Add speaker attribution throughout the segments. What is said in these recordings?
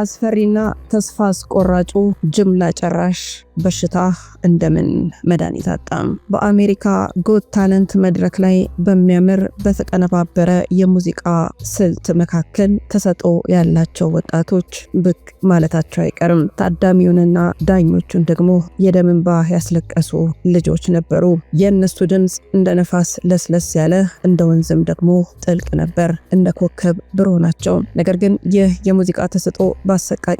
Speaker 1: አስፈሪና ተስፋ አስቆራጩ ጅምላ ጨራሽ በሽታ እንደምን መድኃኒት አጣም። በአሜሪካ ጎት ታለንት መድረክ ላይ በሚያምር በተቀነባበረ የሙዚቃ ስልት መካከል ተሰጥኦ ያላቸው ወጣቶች ብቅ ማለታቸው አይቀርም። ታዳሚውንና ዳኞቹን ደግሞ የደም እንባ ያስለቀሱ ልጆች ነበሩ። የእነሱ ድምፅ እንደ ነፋስ ለስለስ ያለ፣ እንደ ወንዝም ደግሞ ጥልቅ ነበር። እንደ ኮከብ ብሩህ ናቸው። ነገር ግን ይህ የሙዚቃ ተሰጥኦ በአሰቃቂ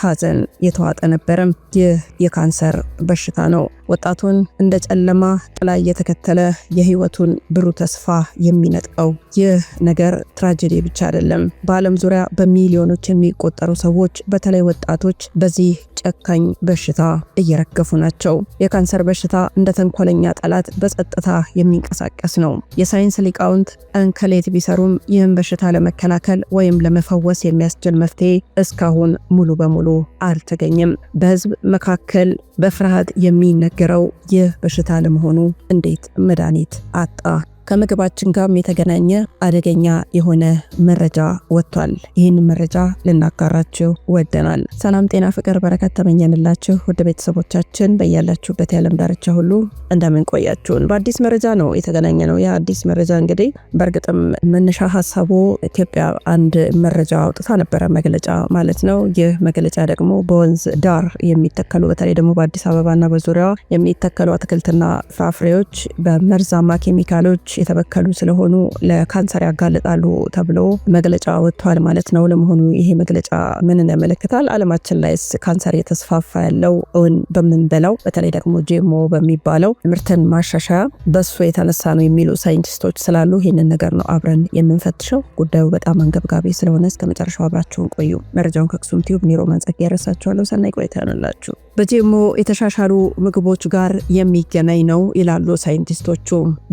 Speaker 1: ሀዘን የተዋጠ ነበረም። ይህ የካንሰር ካንሰር በሽታ ነው። ወጣቱን እንደ ጨለማ ጥላ እየተከተለ የህይወቱን ብሩህ ተስፋ የሚነጥቀው ይህ ነገር ትራጀዲ ብቻ አይደለም። በዓለም ዙሪያ በሚሊዮኖች የሚቆጠሩ ሰዎች በተለይ ወጣቶች በዚህ ጨካኝ በሽታ እየረገፉ ናቸው። የካንሰር በሽታ እንደ ተንኮለኛ ጠላት በጸጥታ የሚንቀሳቀስ ነው። የሳይንስ ሊቃውንት እንከሌት ቢሰሩም ይህን በሽታ ለመከላከል ወይም ለመፈወስ የሚያስችል መፍትሄ እስካሁን ሙሉ በሙሉ አልተገኘም። በህዝብ መካከል በፍርሃት የሚነገ የሚናገረው ይህ በሽታ ለመሆኑ እንዴት መድኃኒት አጣ ከምግባችን ጋርም የተገናኘ አደገኛ የሆነ መረጃ ወጥቷል። ይህን መረጃ ልናጋራችሁ ወደናል። ሰላም፣ ጤና፣ ፍቅር፣ በረከት ተመኘንላችሁ ውድ ቤተሰቦቻችን በያላችሁበት የዓለም ዳርቻ ሁሉ እንደምን ቆያችሁን። በአዲስ መረጃ ነው የተገናኘ ነው። የአዲስ አዲስ መረጃ እንግዲህ በእርግጥም መነሻ ሀሳቡ ኢትዮጵያ አንድ መረጃ አውጥታ ነበረ፣ መግለጫ ማለት ነው። ይህ መግለጫ ደግሞ በወንዝ ዳር የሚተከሉ በተለይ ደግሞ በአዲስ አበባና በዙሪያዋ የሚተከሉ አትክልትና ፍራፍሬዎች በመርዛማ ኬሚካሎች የተበከሉ ስለሆኑ ለካንሰር ያጋልጣሉ ተብሎ መግለጫ ወጥቷል ማለት ነው። ለመሆኑ ይሄ መግለጫ ምንን ያመለክታል? አለማችን ላይስ ካንሰር የተስፋፋ ያለው እውን በምንበላው በተለይ ደግሞ ጄሞ በሚባለው ምርትን ማሻሻያ በሱ የተነሳ ነው የሚሉ ሳይንቲስቶች ስላሉ ይህንን ነገር ነው አብረን የምንፈትሸው። ጉዳዩ በጣም አንገብጋቢ ስለሆነ እስከ መጨረሻው አብራችሁን ቆዩ። መረጃውን ከክሱም ቲዩብ ኒሮ ማንጸቅ ያደረሳችኋለሁ። ሰናይ ቆይታ ይሆንላችሁ። በጂኤምኦ የተሻሻሉ ምግቦች ጋር የሚገናኝ ነው ይላሉ ሳይንቲስቶቹ።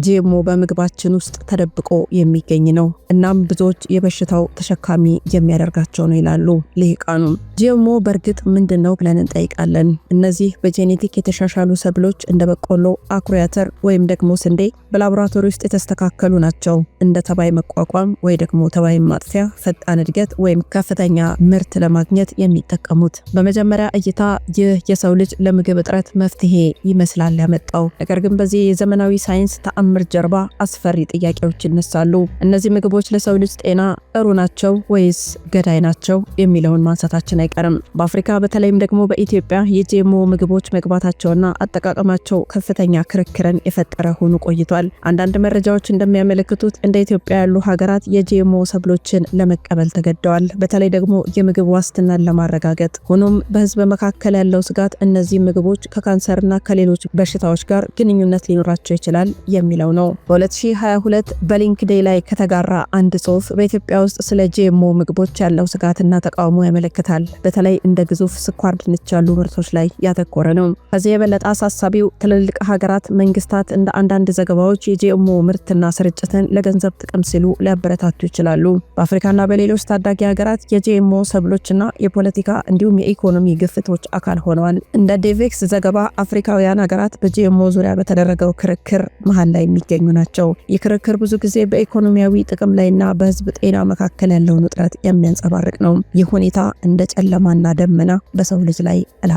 Speaker 1: ጂኤምኦ በምግባችን ውስጥ ተደብቆ የሚገኝ ነው፣ እናም ብዙዎች የበሽታው ተሸካሚ የሚያደርጋቸው ነው ይላሉ ልሂቃኑ። ጂኤምኦ በእርግጥ ምንድን ነው ብለን እንጠይቃለን። እነዚህ በጄኔቲክ የተሻሻሉ ሰብሎች እንደ በቆሎ፣ አኩሪ አተር ወይም ደግሞ ስንዴ በላቦራቶሪ ውስጥ የተስተካከሉ ናቸው። እንደ ተባይ መቋቋም ወይ ደግሞ ተባይ ማጥፊያ፣ ፈጣን እድገት ወይም ከፍተኛ ምርት ለማግኘት የሚጠቀሙት። በመጀመሪያ እይታ ይህ የሰው ልጅ ለምግብ እጥረት መፍትሄ ይመስላል ያመጣው። ነገር ግን በዚህ የዘመናዊ ሳይንስ ተአምር ጀርባ አስፈሪ ጥያቄዎች ይነሳሉ። እነዚህ ምግቦች ለሰው ልጅ ጤና ጥሩ ናቸው ወይስ ገዳይ ናቸው የሚለውን ማንሳታችን አይቀርም። በአፍሪካ በተለይም ደግሞ በኢትዮጵያ የጂኤምኦ ምግቦች መግባታቸውና አጠቃቀማቸው ከፍተኛ ክርክርን የፈጠረ ሆኖ ቆይቷል። አንዳንድ መረጃዎች እንደሚያመለክቱት እንደ ኢትዮጵያ ያሉ ሀገራት የጂኤምኦ ሰብሎችን ለመቀበል ተገደዋል፣ በተለይ ደግሞ የምግብ ዋስትናን ለማረጋገጥ። ሆኖም በህዝብ መካከል ያለው ስጋት እነዚህ ምግቦች ከካንሰርና ከሌሎች በሽታዎች ጋር ግንኙነት ሊኖራቸው ይችላል የሚለው ነው። በ2022 በሊንክዴይ ላይ ከተጋራ አንድ ጽሑፍ በኢትዮጵያ ውስጥ ስለ ጂኤምኦ ምግቦች ያለው ስጋትና ተቃውሞ ያመለክታል። በተለይ እንደ ግዙፍ ስኳር ድንች ያሉ ምርቶች ላይ ያተኮረ ነው። ከዚህ የበለጠ አሳሳቢው ትልልቅ ሀገራት መንግስታት እንደ አንዳንድ ዘገባዎች የጂኤምኦ ምርትና ስርጭትን ለገንዘብ ጥቅም ሲሉ ሊያበረታቱ ይችላሉ። በአፍሪካና በሌሎች ታዳጊ ሀገራት የጂኤምኦ ሰብሎችና የፖለቲካ እንዲሁም የኢኮኖሚ ግፍቶች አካል ሆነዋል። ተናግረዋል። እንደ ዴቬክስ ዘገባ አፍሪካውያን ሀገራት በጂኤምኦ ዙሪያ በተደረገው ክርክር መሀል ላይ የሚገኙ ናቸው። ይህ ክርክር ብዙ ጊዜ በኢኮኖሚያዊ ጥቅም ላይና በህዝብ ጤና መካከል ያለውን ውጥረት የሚያንጸባርቅ ነው። ይህ ሁኔታ እንደ ጨለማና ደመና በሰው ልጅ ላይ ጥላ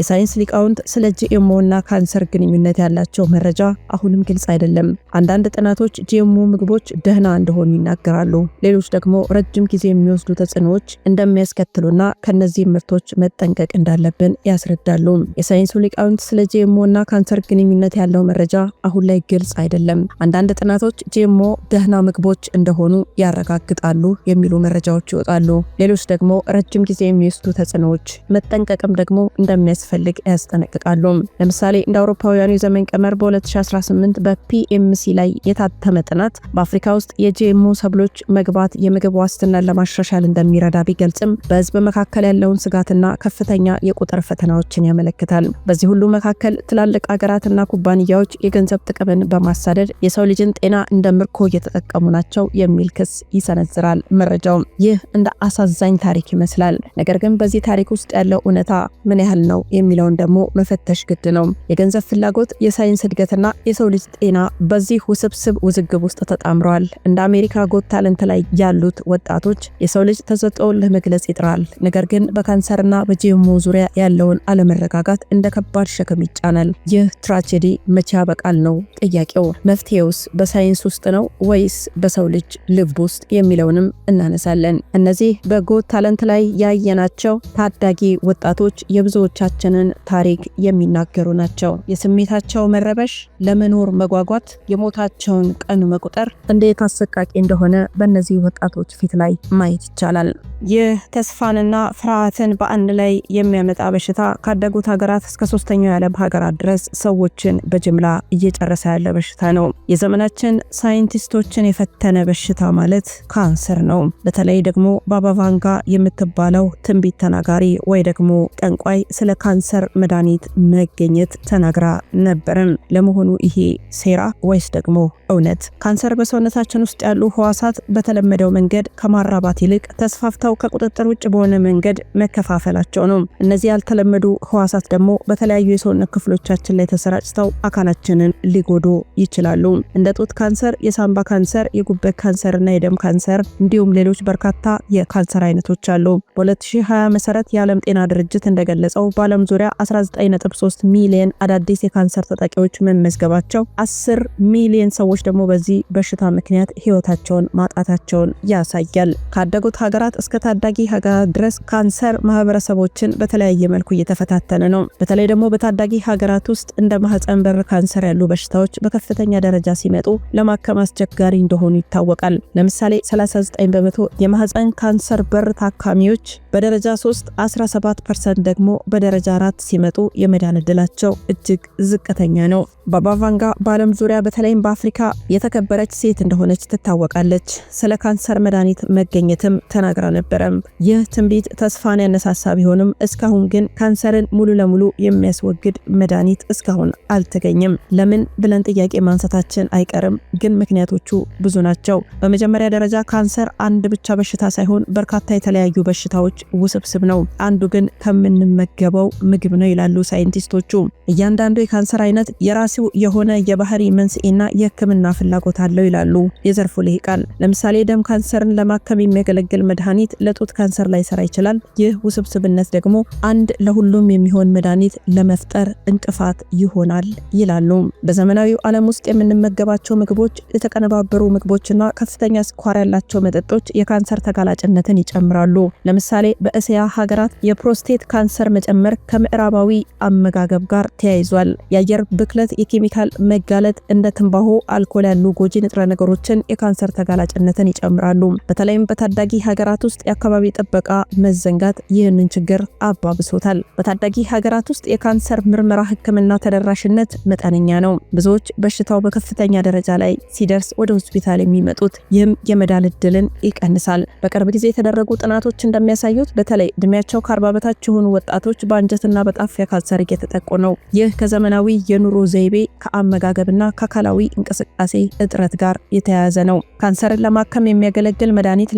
Speaker 1: የሳይንስ ሊቃውንት ስለ ጂኤምኦ እና ካንሰር ግንኙነት ያላቸው መረጃ አሁንም ግልጽ አይደለም። አንዳንድ ጥናቶች ጂኤምኦ ምግቦች ደህና እንደሆኑ ይናገራሉ። ሌሎች ደግሞ ረጅም ጊዜ የሚወስዱ ተጽዕኖዎች እንደሚያስከትሉና ከነዚህ ምርቶች መጠንቀቅ እንዳለብን ያስረዳሉ። የሳይንሱ ሊቃውንት ስለ ጂኤምኦ እና ካንሰር ግንኙነት ያለው መረጃ አሁን ላይ ግልጽ አይደለም። አንዳንድ ጥናቶች ጂኤምኦ ደህና ምግቦች እንደሆኑ ያረጋግጣሉ የሚሉ መረጃዎች ይወጣሉ። ሌሎች ደግሞ ረጅም ጊዜ የሚወስዱ ተጽዕኖዎች፣ መጠንቀቅም ደግሞ እንደሚያስፈልግ ያስጠነቅቃሉ። ለምሳሌ እንደ አውሮፓውያኑ የዘመን ቀመር በ2018 በፒኤምሲ ላይ የታተመ ጥናት በአፍሪካ ውስጥ የጂኤምኦ ሰብሎች መግባት የምግብ ዋስትናን ለማሻሻል እንደሚረዳ ቢገልጽም በህዝብ መካከል ያለውን ስጋትና ከፍተኛ የቁጥር ፈተና ፈተናዎችን ያመለክታል። በዚህ ሁሉ መካከል ትላልቅ አገራትና ኩባንያዎች የገንዘብ ጥቅምን በማሳደድ የሰው ልጅን ጤና እንደ ምርኮ እየተጠቀሙ ናቸው የሚል ክስ ይሰነዝራል መረጃው። ይህ እንደ አሳዛኝ ታሪክ ይመስላል። ነገር ግን በዚህ ታሪክ ውስጥ ያለው እውነታ ምን ያህል ነው የሚለውን ደግሞ መፈተሽ ግድ ነው። የገንዘብ ፍላጎት፣ የሳይንስ እድገትና የሰው ልጅ ጤና በዚህ ውስብስብ ውዝግብ ውስጥ ተጣምረዋል። እንደ አሜሪካ ጎት ታለንት ላይ ያሉት ወጣቶች የሰው ልጅ ተሰጥኦውን ለመግለጽ ይጥራል፣ ነገር ግን በካንሰርና በጂሞ ዙሪያ ያለውን ያለውን አለመረጋጋት እንደ ከባድ ሸክም ይጫናል። ይህ ትራጀዲ መቼ ያበቃል ነው ጥያቄው። መፍትሄውስ በሳይንስ ውስጥ ነው ወይስ በሰው ልጅ ልብ ውስጥ የሚለውንም እናነሳለን። እነዚህ በጎ ታለንት ላይ ያየናቸው ታዳጊ ወጣቶች የብዙዎቻችንን ታሪክ የሚናገሩ ናቸው። የስሜታቸው መረበሽ፣ ለመኖር መጓጓት፣ የሞታቸውን ቀን መቁጠር እንዴት አሰቃቂ እንደሆነ በእነዚህ ወጣቶች ፊት ላይ ማየት ይቻላል። ይህ ተስፋንና ፍርሃትን በአንድ ላይ የሚያመጣ በሽታ ካደጉት ሀገራት እስከ ሶስተኛው የዓለም ሀገራት ድረስ ሰዎችን በጅምላ እየጨረሰ ያለ በሽታ ነው። የዘመናችን ሳይንቲስቶችን የፈተነ በሽታ ማለት ካንሰር ነው። በተለይ ደግሞ ባባቫንጋ የምትባለው ትንቢት ተናጋሪ ወይ ደግሞ ጠንቋይ ስለ ካንሰር መድኃኒት መገኘት ተናግራ ነበርም። ለመሆኑ ይሄ ሴራ ወይስ ደግሞ እውነት? ካንሰር በሰውነታችን ውስጥ ያሉ ህዋሳት በተለመደው መንገድ ከማራባት ይልቅ ተስፋፍተው ከቁጥጥር ውጭ በሆነ መንገድ መከፋፈላቸው ነው። እነዚህ ያልተለመዱ ያልተለመዱ ህዋሳት ደግሞ በተለያዩ የሰውነት ክፍሎቻችን ላይ ተሰራጭተው አካላችንን ሊጎዱ ይችላሉ። እንደ ጡት ካንሰር፣ የሳምባ ካንሰር፣ የጉበት ካንሰር እና የደም ካንሰር እንዲሁም ሌሎች በርካታ የካንሰር አይነቶች አሉ። በ2020 መሰረት የዓለም ጤና ድርጅት እንደገለጸው በዓለም ዙሪያ 19.3 ሚሊዮን አዳዲስ የካንሰር ተጠቂዎች መመዝገባቸው፣ 10 ሚሊዮን ሰዎች ደግሞ በዚህ በሽታ ምክንያት ህይወታቸውን ማጣታቸውን ያሳያል። ካደጉት ሀገራት እስከ ታዳጊ ሀገራት ድረስ ካንሰር ማህበረሰቦችን በተለያየ መልኩ እየተፈታተነ ነው። በተለይ ደግሞ በታዳጊ ሀገራት ውስጥ እንደ ማህፀን በር ካንሰር ያሉ በሽታዎች በከፍተኛ ደረጃ ሲመጡ ለማከም አስቸጋሪ እንደሆኑ ይታወቃል። ለምሳሌ 39 በመቶ የማህፀን ካንሰር በር ታካሚዎች በደረጃ 3፣ 17 ፐርሰንት ደግሞ በደረጃ 4 ሲመጡ የመዳን ዕድላቸው እጅግ ዝቅተኛ ነው። ባባ ቫንጋ በዓለም ዙሪያ በተለይም በአፍሪካ የተከበረች ሴት እንደሆነች ትታወቃለች። ስለ ካንሰር መድኃኒት መገኘትም ተናግራ ነበረም። ይህ ትንቢት ተስፋን ያነሳሳ ቢሆንም እስካሁን ግን ካንሰርን ሙሉ ለሙሉ የሚያስወግድ መድኃኒት እስካሁን አልተገኘም። ለምን ብለን ጥያቄ ማንሳታችን አይቀርም፣ ግን ምክንያቶቹ ብዙ ናቸው። በመጀመሪያ ደረጃ ካንሰር አንድ ብቻ በሽታ ሳይሆን በርካታ የተለያዩ በሽታዎች ውስብስብ ነው። አንዱ ግን ከምንመገበው ምግብ ነው ይላሉ ሳይንቲስቶቹ። እያንዳንዱ የካንሰር አይነት የራስ የሆነ የባህሪ መንስኤና የህክምና ፍላጎት አለው ይላሉ የዘርፉ ልሂቃን። ለምሳሌ ደም ካንሰርን ለማከም የሚያገለግል መድኃኒት ለጡት ካንሰር ሰራ ይችላል። ይህ ውስብስብነት ደግሞ አንድ ለሁሉም የሚሆን መድኃኒት ለመፍጠር እንቅፋት ይሆናል ይላሉ። በዘመናዊው ዓለም ውስጥ የምንመገባቸው ምግቦች፣ የተቀነባበሩ ምግቦችና ከፍተኛ ስኳር ያላቸው መጠጦች የካንሰር ተጋላጭነትን ይጨምራሉ። ለምሳሌ በእስያ ሀገራት የፕሮስቴት ካንሰር መጨመር ከምዕራባዊ አመጋገብ ጋር ተያይዟል። የአየር ብክለት የኬሚካል መጋለጥ እንደ ትንባሆ፣ አልኮል ያሉ ጎጂ ንጥረ ነገሮችን የካንሰር ተጋላጭነትን ይጨምራሉ። በተለይም በታዳጊ ሀገራት ውስጥ የአካባቢ ጥበቃ መዘንጋት ይህንን ችግር አባብሶታል። በታዳጊ ሀገራት ውስጥ የካንሰር ምርመራ ህክምና ተደራሽነት መጠነኛ ነው። ብዙዎች በሽታው በከፍተኛ ደረጃ ላይ ሲደርስ ወደ ሆስፒታል የሚመጡት ይህም የመዳን እድልን ይቀንሳል። በቅርብ ጊዜ የተደረጉ ጥናቶች እንደሚያሳዩት በተለይ እድሜያቸው ከአርባ በታች የሆኑ ወጣቶች በአንጀትና በጣፊያ ካንሰር እየተጠቁ ነው። ይህ ከዘመናዊ የኑሮ ዘይቤ ከአመጋገብ ከአመጋገብና ከአካላዊ እንቅስቃሴ እጥረት ጋር የተያያዘ ነው። ካንሰርን ለማከም የሚያገለግል መድኃኒት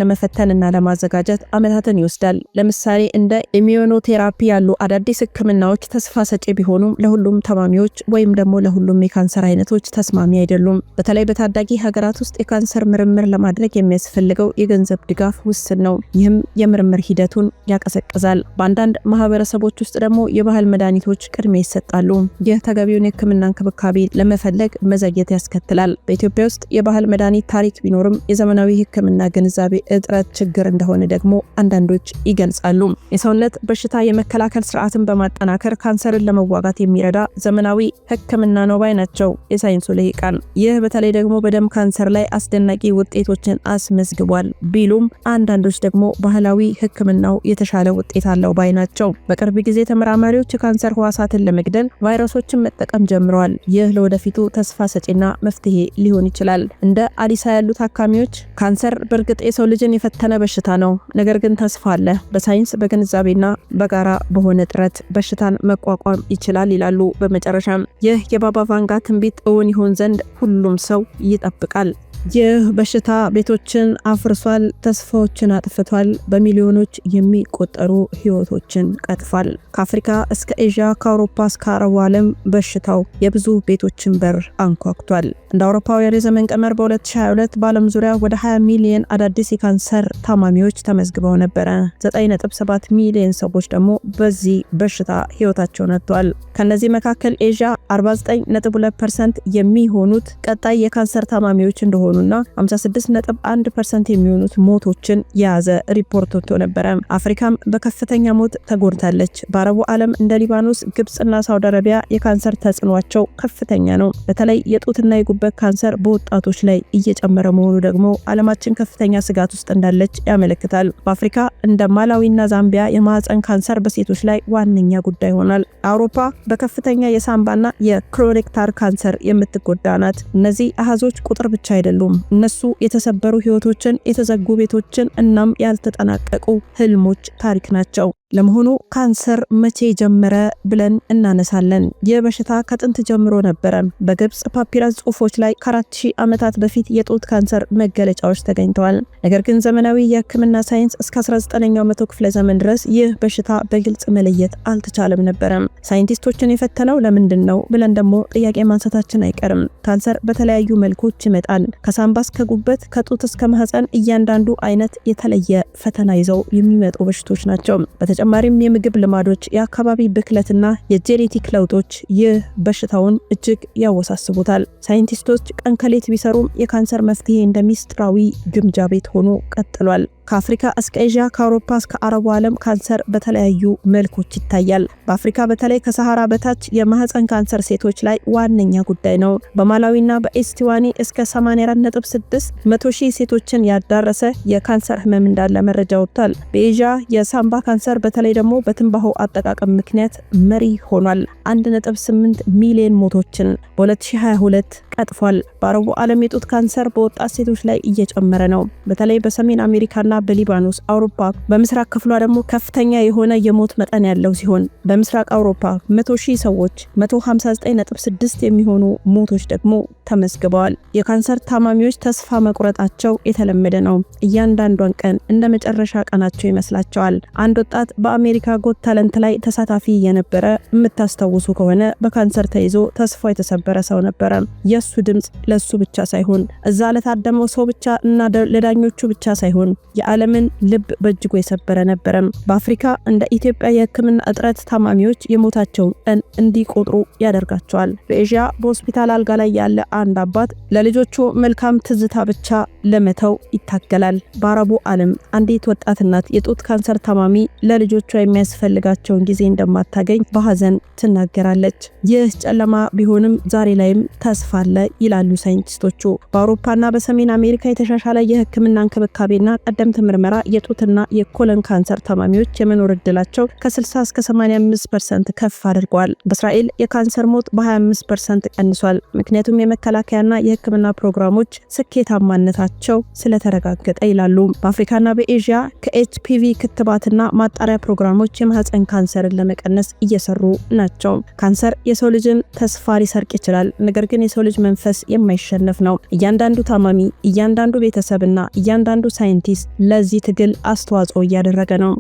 Speaker 1: እና ለማዘጋጀት ዓመታትን ይወስዳል። ለምሳሌ እንደ ኢሚዮኖቴራፒ ያሉ አዳዲስ ሕክምናዎች ተስፋ ሰጪ ቢሆኑም ለሁሉም ታማሚዎች ወይም ደግሞ ለሁሉም የካንሰር አይነቶች ተስማሚ አይደሉም። በተለይ በታዳጊ ሀገራት ውስጥ የካንሰር ምርምር ለማድረግ የሚያስፈልገው የገንዘብ ድጋፍ ውስን ነው። ይህም የምርምር ሂደቱን ያቀዘቅዛል። በአንዳንድ ማህበረሰቦች ውስጥ ደግሞ የባህል መድኃኒቶች ቅድሚያ ይሰጣሉ። ይህ ተገቢውን የሕክምና እንክብካቤ ለመፈለግ መዘግየት ያስከትላል። በኢትዮጵያ ውስጥ የባህል መድኃኒት ታሪክ ቢኖርም የዘመናዊ ሕክምና ግንዛቤ እጥረት ችግር እንደሆነ ደግሞ አንዳንዶች ይገልጻሉ። የሰውነት በሽታ የመከላከል ስርዓትን በማጠናከር ካንሰርን ለመዋጋት የሚረዳ ዘመናዊ ሕክምና ነው ባይ ናቸው የሳይንሱ ልሂቃን። ይህ በተለይ ደግሞ በደም ካንሰር ላይ አስደናቂ ውጤቶችን አስመዝግቧል ቢሉም አንዳንዶች ደግሞ ባህላዊ ሕክምናው የተሻለ ውጤት አለው ባይ ናቸው። በቅርብ ጊዜ ተመራማሪዎች የካንሰር ህዋሳትን ለመግደል ቫይረሶችን መጠቀም ጀምረዋል። ይህ ለወደፊቱ ተስፋ ሰጪና መፍትሄ ሊሆን ይችላል። እንደ አሊሳ ያሉ ታካሚዎች ካንሰር በእርግጥ የሰው ልጅን የፈተነ በሽታ ነው፣ ነገር ግን ተስፋ አለ። በሳይንስ በግንዛቤና በጋራ በሆነ ጥረት በሽታን መቋቋም ይችላል ይላሉ። በመጨረሻም ይህ የባባ ቫንጋ ትንቢት እውን ይሆን ዘንድ ሁሉም ሰው ይጠብቃል። ይህ በሽታ ቤቶችን አፍርሷል፣ ተስፋዎችን አጥፍቷል፣ በሚሊዮኖች የሚቆጠሩ ህይወቶችን ቀጥፏል። ከአፍሪካ እስከ ኤዥያ፣ ከአውሮፓ እስከ አረቡ ዓለም በሽታው የብዙ ቤቶችን በር አንኳኩቷል። እንደ አውሮፓውያን የዘመን ቀመር በ2022 በዓለም ዙሪያ ወደ 20 ሚሊዮን አዳዲስ የካንሰር ታማሚዎች ተመዝግበው ነበረ። 9.7 ሚሊዮን ሰዎች ደግሞ በዚህ በሽታ ህይወታቸው ነጥቷል። ከእነዚህ መካከል ኤዥያ 49.2 ፐርሰንት የሚሆኑት ቀጣይ የካንሰር ታማሚዎች እንደሆኑ መሆኑና 56.1 ፐርሰንት የሚሆኑት ሞቶችን የያዘ ሪፖርት ወጥቶ ነበረ። አፍሪካም በከፍተኛ ሞት ተጎድታለች። በአረቡ ዓለም እንደ ሊባኖስ፣ ግብፅና ሳውዲ አረቢያ የካንሰር ተጽዕኗቸው ከፍተኛ ነው። በተለይ የጡትና የጉበት ካንሰር በወጣቶች ላይ እየጨመረ መሆኑ ደግሞ ዓለማችን ከፍተኛ ስጋት ውስጥ እንዳለች ያመለክታል። በአፍሪካ እንደ ማላዊና ዛምቢያ የማህፀን ካንሰር በሴቶች ላይ ዋነኛ ጉዳይ ይሆናል። አውሮፓ በከፍተኛ የሳምባና የክሮሬክታር ካንሰር የምትጎዳ ናት። እነዚህ አሃዞች ቁጥር ብቻ አይደለም አይደሉም። እነሱ የተሰበሩ ህይወቶችን፣ የተዘጉ ቤቶችን እናም ያልተጠናቀቁ ህልሞች ታሪክ ናቸው። ለመሆኑ ካንሰር መቼ ጀመረ ብለን እናነሳለን። ይህ በሽታ ከጥንት ጀምሮ ነበረ። በግብፅ ፓፒራስ ጽሁፎች ላይ ከ 4000 ዓመታት በፊት የጡት ካንሰር መገለጫዎች ተገኝተዋል። ነገር ግን ዘመናዊ የሕክምና ሳይንስ እስከ 19ኛው መቶ ክፍለ ዘመን ድረስ ይህ በሽታ በግልጽ መለየት አልተቻለም ነበረም። ሳይንቲስቶችን የፈተነው ለምንድን ነው ብለን ደግሞ ጥያቄ ማንሳታችን አይቀርም። ካንሰር በተለያዩ መልኮች ይመጣል። ከሳምባ እስከ ጉበት፣ ከጡት እስከ ማህፀን፣ እያንዳንዱ አይነት የተለየ ፈተና ይዘው የሚመጡ በሽቶች ናቸው። በተጨማሪም የምግብ ልማዶች፣ የአካባቢ ብክለትና የጄኔቲክ ለውጦች ይህ በሽታውን እጅግ ያወሳስቡታል። ሳይንቲስቶች ቀን ከሌት ቢሰሩም የካንሰር መፍትሄ እንደ ሚስጥራዊ ግምጃ ቤት ሆኖ ቀጥሏል። ከአፍሪካ እስከ ኤዥያ፣ ከአውሮፓ እስከ አረቡ ዓለም ካንሰር በተለያዩ መልኮች ይታያል። በአፍሪካ በተለይ ከሰሃራ በታች የማህፀን ካንሰር ሴቶች ላይ ዋነኛ ጉዳይ ነው። በማላዊና በኤስቲዋኒ እስከ 84.6 መቶ ሺህ ሴቶችን ያዳረሰ የካንሰር ህመም እንዳለ መረጃ ወጥቷል። በኤዥያ የሳምባ ካንሰር በተለይ ደግሞ በትንባሆ አጠቃቀም ምክንያት መሪ ሆኗል። 1.8 ሚሊዮን ሞቶችን በ2022 ቀጥፏል። በአረቡ ዓለም የጡት ካንሰር በወጣት ሴቶች ላይ እየጨመረ ነው። በተለይ በሰሜን አሜሪካና በሊባኖስ፣ አውሮፓ በምስራቅ ክፍሏ ደግሞ ከፍተኛ የሆነ የሞት መጠን ያለው ሲሆን በምስራቅ አውሮፓ 100 ሺህ ሰዎች 159.6 የሚሆኑ ሞቶች ደግሞ ተመዝግበዋል። የካንሰር ታማሚዎች ተስፋ መቁረጣቸው የተለመደ ነው። እያንዳንዷን ቀን እንደ መጨረሻ ቀናቸው ይመስላቸዋል። አንድ ወጣት በአሜሪካ ጎት ታለንት ላይ ተሳታፊ የነበረ የምታስታውሱ ከሆነ በካንሰር ተይዞ ተስፋ የተሰበረ ሰው ነበረ። የሱ የእሱ ድምፅ ለሱ ብቻ ሳይሆን እዛ ለታደመው ሰው ብቻ እና ለዳኞቹ ብቻ ሳይሆን የዓለምን ልብ በእጅጉ የሰበረ ነበረም። በአፍሪካ እንደ ኢትዮጵያ የሕክምና እጥረት ታማሚዎች የሞታቸውን ቀን እንዲቆጥሩ ያደርጋቸዋል። በኤዥያ በሆስፒታል አልጋ ላይ ያለ አንድ አባት ለልጆቹ መልካም ትዝታ ብቻ ለመተው ይታገላል። በአረቡ ዓለም አንዲት ወጣት እናት የጡት ካንሰር ታማሚ ለልጆቿ የሚያስፈልጋቸውን ጊዜ እንደማታገኝ በሀዘን ትናገራለች። ይህ ጨለማ ቢሆንም ዛሬ ላይም ተስፋ አለ። ይላሉ ሳይንቲስቶቹ። በአውሮፓና በሰሜን አሜሪካ የተሻሻለ የህክምና እንክብካቤና ቀደምት ምርመራ የጡትና የኮለን ካንሰር ታማሚዎች የመኖር እድላቸው ከ60 እስከ 85 ፐርሰንት ከፍ አድርጓል። በእስራኤል የካንሰር ሞት በ25 ፐርሰንት ቀንሷል። ምክንያቱም የመከላከያና የህክምና ፕሮግራሞች ስኬታማነታቸው ስለተረጋገጠ ይላሉ። በአፍሪካና በኤዥያ ከኤችፒቪ ክትባትና ማጣሪያ ፕሮግራሞች የማህፀን ካንሰርን ለመቀነስ እየሰሩ ናቸው። ካንሰር የሰው ልጅን ተስፋ ሊሰርቅ ይችላል፣ ነገር ግን የሰው ልጅ መንፈስ የማይሸነፍ ነው። እያንዳንዱ ታማሚ፣ እያንዳንዱ ቤተሰብና እያንዳንዱ ሳይንቲስት ለዚህ ትግል አስተዋጽኦ እያደረገ ነው።